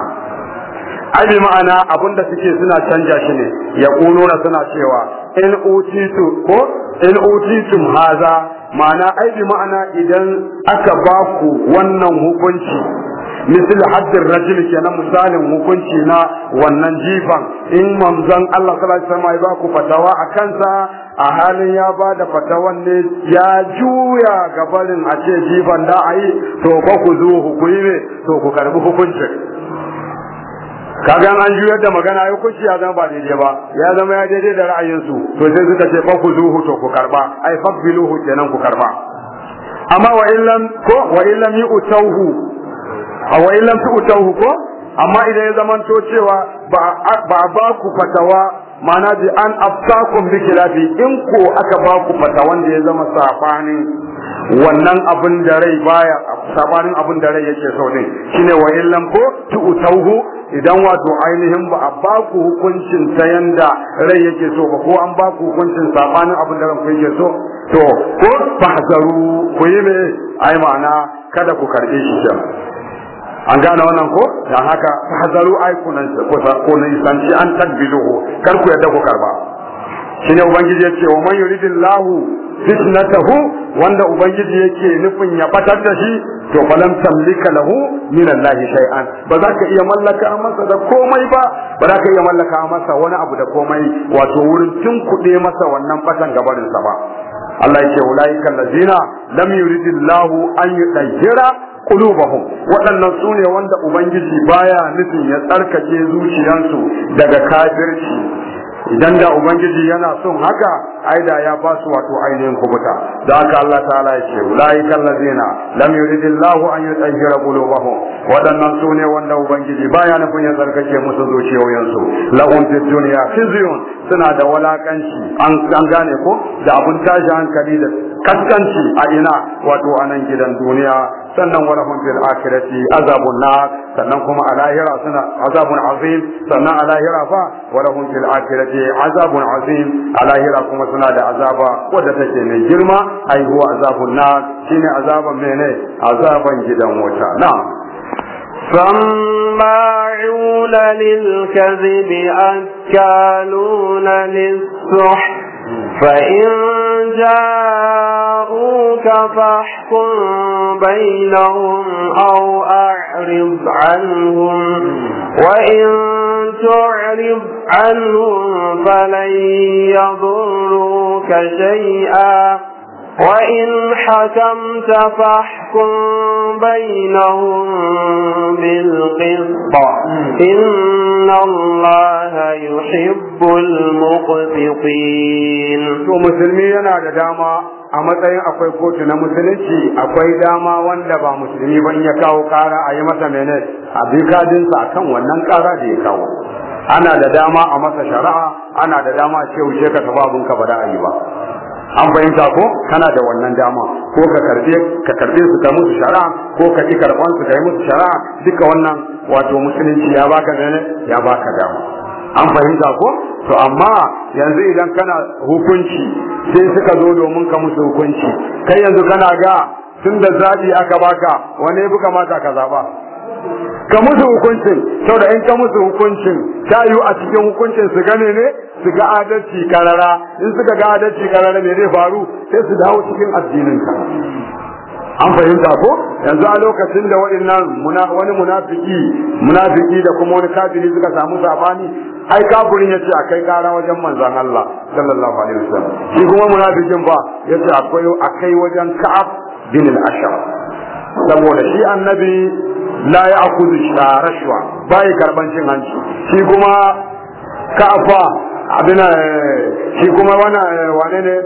ai ma'ana da suke suna canja shi ne ya kuluna suna cewa in utitu ko in utitum haza ma'ana ai ma'ana idan aka ba ku wannan hukunci misali haddin rajul kenan misalin hukunci na wannan jifan in manzon Allah sallallahu alaihi wasallam ya ba ku fatawa a kansa a halin ya ba da fatawan ne ya juya gabarin a ce jifan da ayi to ku ku yi ne to ku karbi hukuncin kaga an juya da magana ya kunci ya zama ba daidai ba ya zama ya daidai da ra'ayinsu to sai suka ce fa ku zuhu to ku karba ai fa biluhu kenan ku karba amma wa illam ko wa illam yu'tawhu wa illam tu'tawhu ko amma idan ya to cewa ba ba ba ku fatawa ma'ana bi an aftakum bi kilabi in ko aka ba ku fata wanda ya zama safani wannan abin da rai baya safanin abin da rai yake so shine wa illam ko tu'tauhu idan wato ainihin ba a ba ku hukuncin ta yanda rai yake so ba ko an baku hukuncin sabanin abin da ranku yake so to ko fahzaru ku yi me ai ma'ana kada ku karbe shi can. an gane wannan ko dan haka hazaru aikunan ko ko ne san an tabbiluhu kar ku yadda ku karba shine ubangiji ce wa man yuridillahu fitnatahu wanda ubangiji yake nufin ya batar da shi to falam tamlika lahu min Allah shay'an ba za ka iya mallaka masa da komai ba ba za ka iya mallaka masa wani abu da komai wato wurin tun kuɗe masa wannan batan gabarin sa ba Allah yake ulaiikal ladina lam yuridillahu an yudahira qulubahum waɗannan su wanda ubangiji baya nufin ya tsarkake zuciyansu daga kafirci idan da ubangiji yana son haka Aida ya ba su wato ainihin kubuta ذاك الله تعالى يشي أولئك الذين لم يرد الله أن يطهر قلوبهم ودنن سوني وند وبنجي بايا نفن يزركشي musu zuciyoyinsu lahum fid dunya khizyun suna da walakanci an gane ko da abun tashi hankali da kaskanci a ina wato anan gidan duniya sannan walahum fil akhirati azabun na, sannan kuma a lahira suna azabun azim sannan a lahira fa wani hunfin akhirati azabun azim a lahira kuma suna da azaba wadda take mai girma أي هو عذاب النار شين عذاب mene عذاب جدا wuta na'am سماعون للكذب أكالون للسح فإن جاءوك فاحكم بينهم أو أعرض عنهم وإن تعرض عنهم فلن يضروك شيئا وإن حكمت فاحكم بينهم بالقسط إن الله يحب المقسطين ومسلمين على داما a matsayin akwai kotu na musulunci akwai dama wanda ba musulmi ban ya kawo kara a yi masa mene a bi a kan wannan kara da ya kawo ana da dama a masa shari'a ana da dama a ce wuce ka tafi abinka ba da a yi ba an fahimta ko kana da wannan dama ko ka karbe ka karbe su ka musu shara ko ka ki karban su ka yi musu shara duka wannan wato musulunci ya baka gane ya baka dama an fahimta ko to amma yanzu idan kana hukunci sai suka zo domin ka musu hukunci kai yanzu kana ga tun da zabi aka baka wane bu kamata ka zaba ka musu hukuncin saboda in ka musu hukuncin ta yiwu a cikin hukuncin su gane ne su ga adalci karara in suka ga adalci karara me zai faru sai su dawo cikin addinin ka an fahimta ko yanzu a lokacin da waɗannan wani munafiki munafiki da kuma wani kafiri suka samu sabani ai kafirin ya a kai kara wajen manzon Allah sallallahu alaihi wasallam shi kuma munafikin ba ce akwai akai wajen Ka'ab bin al-Ashar saboda shi annabi la ya'khudhu sharashwa bai karban cin hanci shi kuma Ka'ab abin eh, shi kuma wani eh, wane ne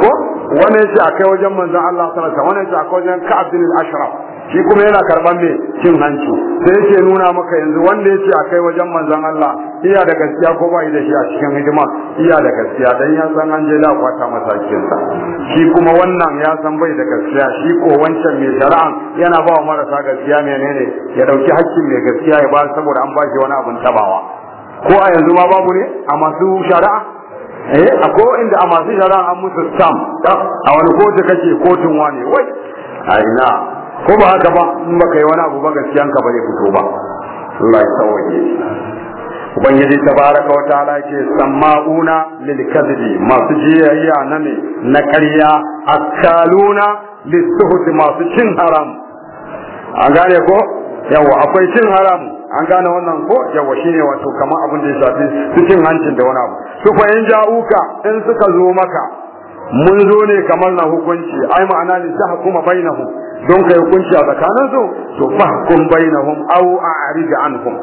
ko wani shi kai wajen manzan Allah ta alaihi wasallam wani a kai wajen Ka'ab bin al-Ashraf shi kuma yana karban mai cin hanci sai yake nuna maka yanzu wanda yake kai wajen manzon Allah iya da gaskiya ko bai da shi a cikin hidima iya da gaskiya dan ya san an je da kwata masakin sa shi kuma wannan ya san bai da gaskiya shi ko wancan mai shari'a yana ba wa marasa gaskiya menene ya dauki hakkin mai gaskiya ya ba saboda an ba shi wani abin tabawa ko a yanzu ma babu ne a masu shari'a eh a ko inda a masu shari'a an musu stamp a wani kotu kake kotun wane wai a ina ko ba haka ba in baka yi wani abu ba gaskiyan ka ba zai fito ba Allah ya sauke ubangiji tabaraka wa ta'ala ke sama'una lil kadhibi masu jiyayya na ne na ƙarya akaluna lisuhud masu cin haram an gane ko yawa akwai cin haram an gane wannan ko yawa ne wato kamar abin da ya shafi su hancin da wani abu su fa in ja'uka in suka zo maka mun zo ne kamar na hukunci ai ma'ana ne ta hukuma bainahum don kai hukunci a tsakanin su to hukum bainahum aw a'rid anhum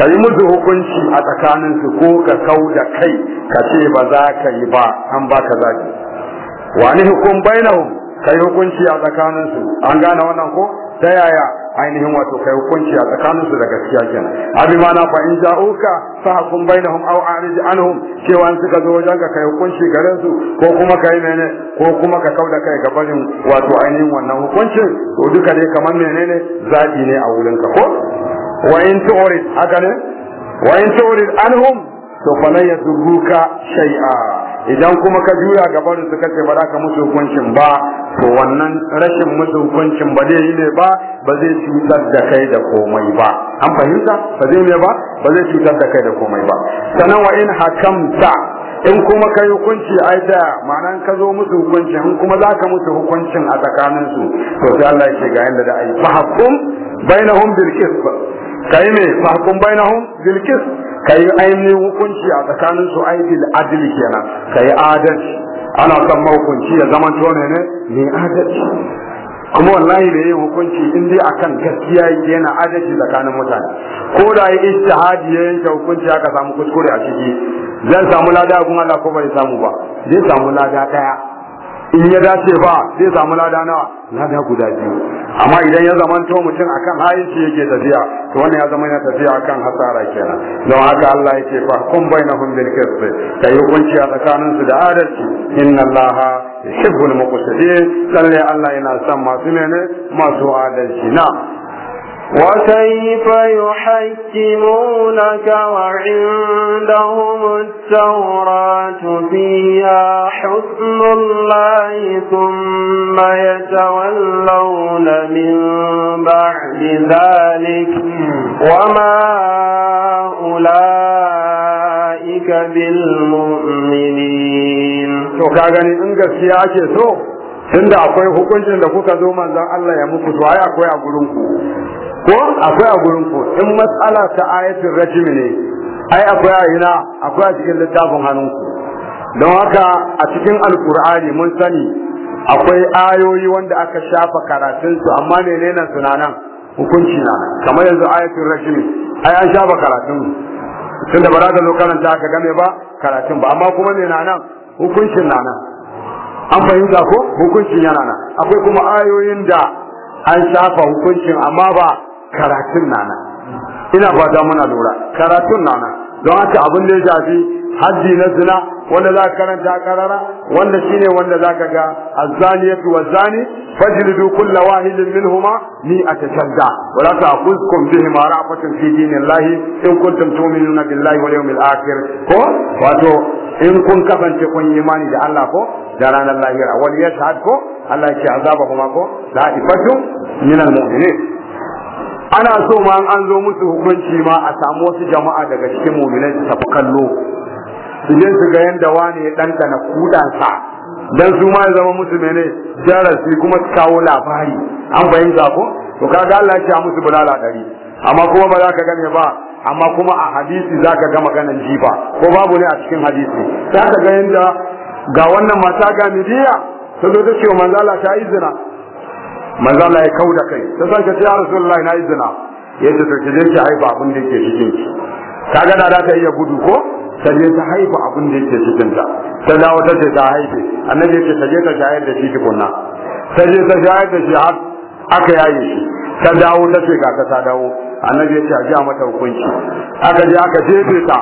kai musu hukunci a tsakanin su ko ka kau da kai ka ce ba za ka yi ba an ba ka zaki wani hukum bainahum kai hukunci a tsakanin su an gane wannan ko ta yaya ainihin wato kai hukunci a tsakanin su da gaskiya kenan abi na fa in ja'uka fa hukum bainahum aw a'rid anhum cewa an suka zo wajen ka kai hukunci garin su ko kuma kai menene ko kuma ka kauda kai ga barin wato ainihin wannan hukuncin to duka dai kamar menene zabi ne a wurin ka ko wa in tu'rid haka ne wa in tu'rid anhum to la yadruka shay'a idan kuma ka jura gaban su kace ba za ka musu hukuncin ba to wannan rashin musu hukuncin ba zai yi ne ba ba zai cutar da kai da komai ba an fahimta ba zai ne ba ba zai cutar da kai da komai ba sanan wa in hakamta in kuma ka yi hukunci ai da ma'anan ka zo musu hukunci in kuma za ka musu hukuncin a tsakanin su to sai Allah ya ga yanda da ai fahakum bainahum bil qisb kai ne fahakum bainahum bil qisb kai ainihin hukunci a tsakanin su ai bil adli kenan kai adalci ana son mahukunci ya zama tone ne ne adalci kuma wallahi da yin hukunci in dai akan gaskiya yana adalci tsakanin mutane ko da yi ijtihadi ya yanke hukunci aka samu kuskure a ciki zan samu lada kuma Allah ko bai samu ba zai samu lada daya in ya dace ba zai samu lada na lada guda biyu amma idan ya zama to mutum akan hayinci yake tafiya to wannan ya zama yana tafiya akan hasara kenan don haka Allah yake fa kun hum bil kasb kai hukunci a tsakanin su da adalci inna Allaha yuhibbul muqsitin lalle Allah yana son masu ne masu adalci na وكيف يحكمونك وعندهم التوراة فيها حكم الله ثم يتولون من بعد ذلك وما أولئك بالمؤمنين وكاغني انجا سياكي سو tunda akwai hukuncin da kuka zo manzon Allah ya muku to ai akwai a gurin ku ko akwai a gurin ku in matsala ta ayatul rajim ne ai akwai a ina akwai a cikin littafin hannunku don haka a cikin alkur'ani mun sani akwai ayoyi wanda aka shafa karatun su amma ne na nan, hukunci na kamar yanzu ayatul rajim ai an shafa karatun tun da ba za ka zo karanta aka game ba karatun ba amma kuma ne na nan hukuncin na nan an fahimta ko hukuncin yana nan akwai kuma ayoyin da an shafa hukuncin amma ba karatun nana ina ba da muna lura karatun nana don haka abin da ya shafi haddi na zina wanda za ka karanta karara wanda shine wanda za ka ga azzaniyatu wazzani fajlidu kulla wahidin huma ni atajadda wa la ta'khudhukum a fatin fi dinillahi in kuntum tu'minuna billahi wal yawmil akhir ko wato in kun kasance kun imani da Allah ko da ranar lahira wani yashhad ko Allah ya ce azabahuma ko la'ifatu minal mu'minin ana so ma an zo musu hukunci ma a samu wasu jama'a daga cikin muminai su tafi kallo su je su ga yanda wani ya ɗanɗana kudansa dan su ma ya zama musu mene jarasi kuma su kawo labari an fahimta ko to kaga Allah ya ce musu bulala ɗari amma kuma ba za ka gane ba amma kuma a hadisi za ka ga maganan jifa ko babu ne a cikin hadisi za ka ga yanda ga wannan mata ga midiya ta zo ta ce manzala ta izina manzo Allah ya kauda kai ta sake ce ya rasulullahi na izina yace to kije je ki haifa abin da yake cikin ki kaga da za ta iya gudu ko ta je ta haifa abin da yake cikin ta ta dawo ta ce ta haife annabi yace ta je ta shayar da shi tukunna ta sai ta shayar da shi har aka yaye shi ta dawo ta ce ka ta dawo annabi yace a ji mata hukunci aka je aka jefe ta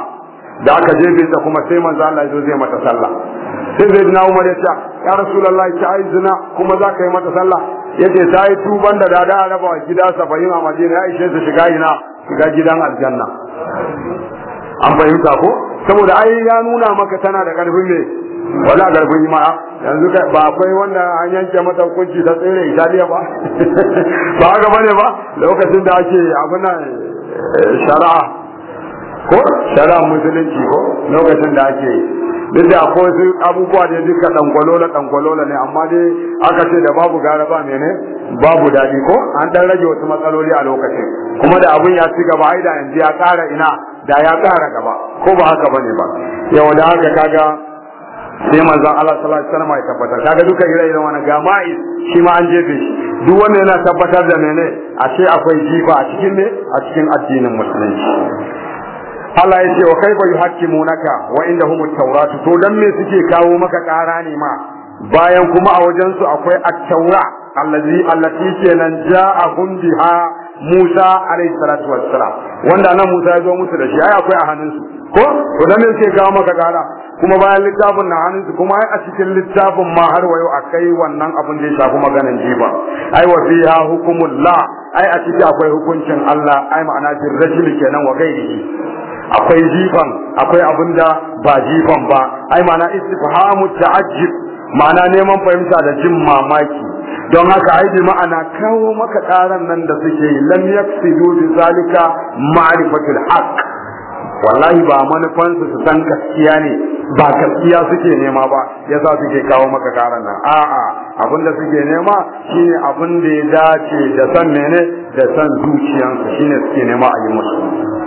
da aka jefe ta kuma sai manzo Allah ya zo zai mata sallah sai zai na umar ya ce ya rasulullahi ta aizina kuma za ka yi mata sallah yace ta tuban da dada a raba gida saba'in a madina ya ishe su shiga ina shiga gidan aljanna an fahimta ko saboda ai ya nuna maka tana da karfin ne wala karfin ma yanzu kai ba akwai wanda an yanke mata hukunci ta tsere italiya ba *laughs* ba ga bane ba lokacin da ake abuna nan eh, shari'a ko shara musulunci ko lokacin da ake duk da akwai abubuwa da duka dankwalola dankwalola ne amma dai aka ce da babu gara ba babu daɗi ko an dan rage wasu matsaloli a lokacin kuma da abun ya ci gaba ai da yanzu ya ƙara ina da ya ƙara gaba ko ba haka bane ba yau da haka kaga sai manzon Allah sallallahu alaihi wasallam ya tabbatar kaga duka ire-iren wannan gama'i shi ma an jefe shi duk wanda yana tabbatar da menene a ce akwai jifa a cikin ne a cikin addinin musulunci Allah ya ce wa kai hakki munaka wa inda humu tawrat to dan me suke kawo maka ƙara ne ma bayan kuma a wajen su akwai at-taura allazi allati kenan ja'a biha Musa alayhi salatu wassalam wanda nan Musa ya zo musu da shi ai akwai a hannunsu ko to dan me suke kawo maka ƙara kuma bayan littafin na hannunsu kuma ai a cikin littafin ma har wayo akai wannan abin da ya shafi maganan jiba ai wa fiha hukumullah ai a ciki akwai hukuncin Allah ai ma'ana sirrajul kenan wa gairihi akwai jifan akwai abin da ba jifan ba ai ma'ana istifhamu ta'ajjub ma'ana neman fahimta da jin mamaki don haka ai bi ma'ana kawo maka karan nan da suke yi lam yaksidu bi zalika ma'rifatul haqq wallahi ba manufansu su san gaskiya ne ba gaskiya suke nema ba yasa suke kawo maka karan nan a'a abin da suke nema shine abin da ya dace da san mene da san zuciyansu shine suke nema a yi musu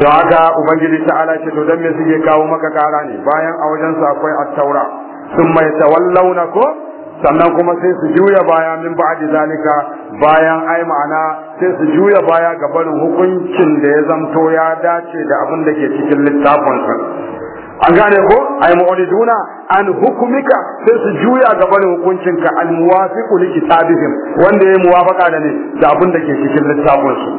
don haka ubangiji ta'ala ce to dan me suke kawo maka kara ne bayan a wajen su akwai at sun mai tawallauna ko sannan kuma sai su juya baya min ba'di zalika bayan ai ma'ana sai su juya baya ga barin hukuncin da ya zamto ya dace da abin da ke cikin littafin sa an gane ko ai mu'riduna an hukumika sai su juya ga barin hukuncin ka al muwafiqu li kitabihim wanda ya muwafaka da ne da abin da ke cikin littafin su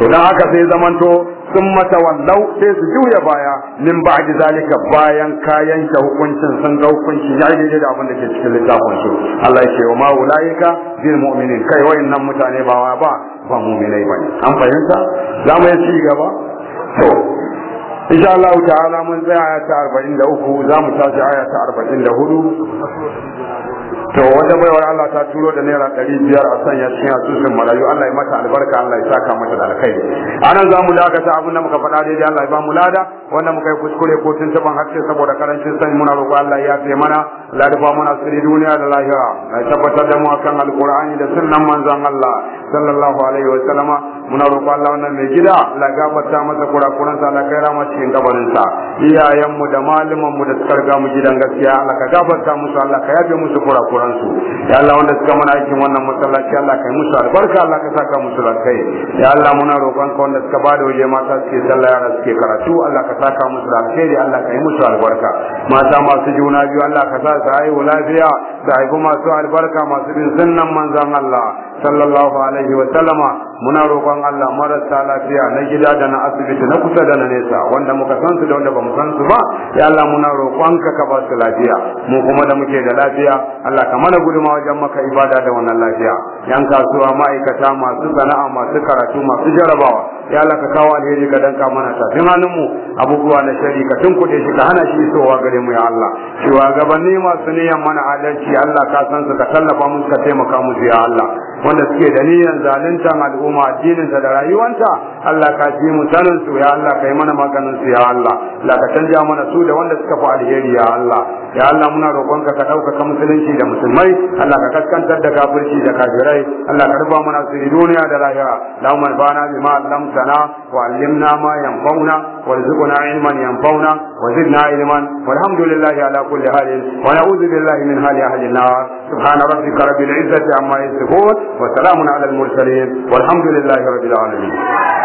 to dan haka sai zamanto Sun juya baya سيسجوا ba ji zalika bayan kayan ta hukuncin كهوكنشن ga hukuncin, ya daidai da abin da ke cikin littafin su Allah ya ce wa ma ulaika bil mu'minin kai nan mutane ba wa ba ba mu'minai ba an fahimta za mu yi ci gaba to insha Allah ta'ala mun tsaya aya ta 43 za mu tashi aya ta 44 to wanda baiwar Allah ta turo da naira ɗari biyar a sanya cikin asusun marayu Allah ya mata albarka Allah ya saka mata da alkhairi anan za mu dakata abin da muka faɗa daidai Allah ya ba mu lada wanda muka yi kuskure ko tun taɓa ce saboda karancin sanyi muna roƙo Allah ya fi mana Allah da ba mu nasiri duniya da lahira na tabbatar da mu akan alqur'ani da sunnan manzon Allah sallallahu alaihi wa sallama muna roƙo Allah wannan mai gida la gafarta masa kurakuran sa la kaira masa cikin gabanin sa iyayen mu da malaman mu da suka riga mu gidan gaskiya Allah ka gafarta musu Allah ka yafe musu kurakuran su ya Allah wanda suka mana aikin wannan masallaci Allah kai musu albarka Allah ka saka musu rakai ya Allah muna roƙon ka wanda suka bada waje mata suke sallah yara suke karatu Allah ka saka musu alheri Allah kai musu albarka mata masu juna biyu Allah ka sa su haihu lafiya Da haifi masu albarka masu bin sunnan manzon Allah sallallahu alaihi wa sallama muna roƙon Allah marasa lafiya na gida da na asibiti na kusa da na nesa wanda muka san su da wanda bamu san su ba ya Allah muna roƙon ka ka ba su lafiya mu kuma da muke da lafiya Allah ka mana guduma wajen maka ibada da wannan lafiya yan kasuwa ma'aikata masu sana'a masu karatu masu jarabawa ya Allah kawo alheri ka danka mana tun hannunmu abubuwa na shari ka kuɗe shi ka hana shi isowa gare mu ya Allah gabanni masu niyan mana adalci Allah ka san su ka tallafa musu ka taimaka musu ya Allah wanda suke da niyan zaluntan al'umma addininta da rayuwanta Allah ka ji mu sanin su ya Allah ka yi mana maganin su ya Allah la ka canja mana su da wanda suka fi alheri ya Allah ya Allah muna roƙonka ka ɗaukaka musulunci da musulmai Allah ka kaskantar da kafirci da kafirai Allah ka rufa mana su duniya da lahira lamar bana bima lamta ربنا وعلمنا ما ينفعنا وارزقنا علما ينفعنا وزدنا علما والحمد لله على كل حال ونعوذ بالله من حال اهل النار سبحان ربك رب العزه عما يصفون وسلام على المرسلين والحمد لله رب العالمين